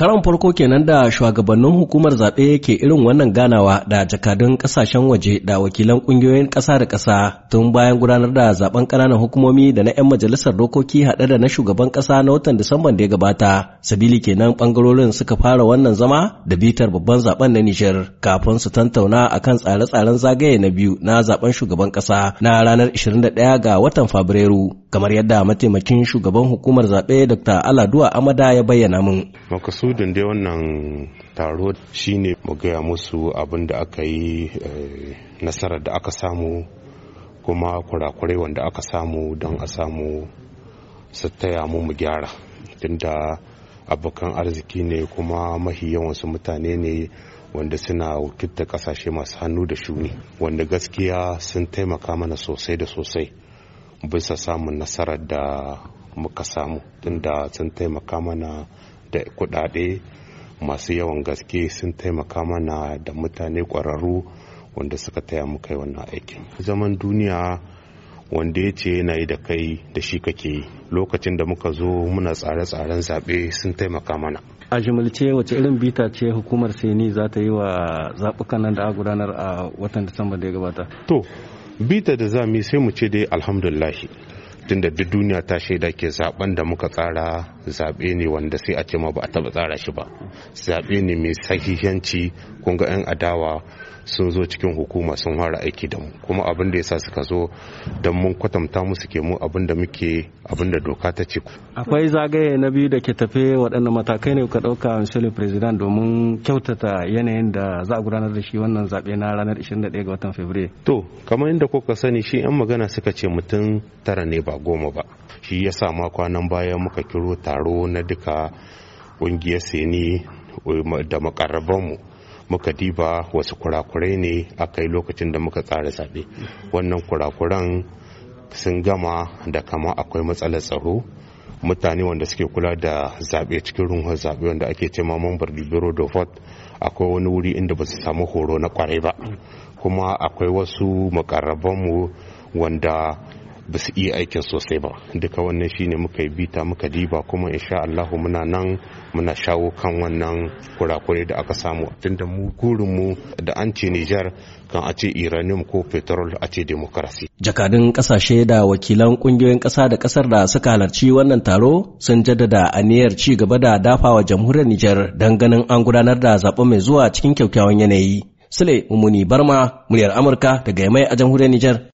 Karan farko kenan da shugabannin hukumar zaɓe ke irin wannan ganawa da jakadun ƙasashen waje da wakilan ƙungiyoyin ƙasa da ƙasa tun bayan gudanar da zaɓen ƙananan hukumomi da na 'yan majalisar dokoki haɗe da na shugaban ƙasa na watan Disamban da ya gabata. Sabili kenan ɓangarorin suka fara wannan zama da bitar babban zaɓen na Nijar kafin su tantauna akan tsare-tsaren zagaye na biyu na zaben shugaban ƙasa na ranar 21 ga watan Fabrairu. kamar yadda mataimakin shugaban hukumar zaɓe dr aladuwa amada ya bayyana mun makasudin dai wannan taro shine mu gaya musu abin da aka yi eh, nasarar da aka samu kuma kurakurai wanda aka samu don a samu su taya mu mu gyara tunda abokan arziki ne kuma mahi yawansu mutane ne wanda suna wakilta kasashe masu hannu da shuni wanda gaskiya sun taimaka mana sosai da sosai bisa samun nasarar da muka samu tunda sun taimaka mana da kudade masu yawan gaske sun taimaka mana da mutane kwararru wanda suka taya muka kai wannan aikin zaman duniya wanda ya ce yana yi da kai da shi kake yi lokacin da muka zo muna tsare-tsaren zaɓe sun taimaka mana a jimilce wace irin bita ce hukumar seni za ta yi wa zaɓukan nan da a gudanar a watan disamba da ya gabata to bita da za mu sai mu ce dai alhamdulahi tunda duk duniya ta shaida ke zaben da muka tsara zaɓe ne wanda sai a ce ma ba a taɓa tsara shi ba zaɓe ne mai sahihanci kun ga 'yan adawa sun zo cikin hukuma sun fara aiki da mu kuma abin da yasa suka zo don mun kwatanta musu ke mu abin da muke abin da doka ta ce akwai zagaye na biyu da ke tafe waɗannan matakai ne ka ɗauka misali president domin kyautata yanayin da za a gudanar da shi wannan zaɓe na ranar 21 ga watan fabrairu to kamar yadda kuka sani shi 'yan magana suka ce mutum tara ne ba goma ba shi yasa ma kwanan baya muka kiro taro na duka ƙungiyar seni um, da mu muka diba wasu kurakurai ne aka yi lokacin da muka tsara zaɓe wannan kurakuran sun gama da kama akwai matsalar tsaro mutane wanda suke kula da zaɓe cikin runhon zaɓe wanda ake cema mambar libero da vote akwai wani wuri inda ba su samu horo na kwarai ba kuma akwai wasu makarabanmu wanda ba su iya aikin sosai ba duka wannan shine muka yi bita muka diba kuma insha Allahu muna nan muna shawo kan wannan kurakure da aka samu tunda mu mu da an ce Nijar kan a ce Iranium ko petrol a ce demokarasi. Jakadun kasashe da wakilan kungiyoyin kasa da kasar da suka halarci wannan taro sun jaddada a aniyar ci gaba da dafa wa jamhuriyar Nijar dan ganin an gudanar da zaɓen mai zuwa cikin kyakkyawan yanayi. Sule Mumuni Barma, muryar Amurka daga Yamai a jamhuriyar Nijar.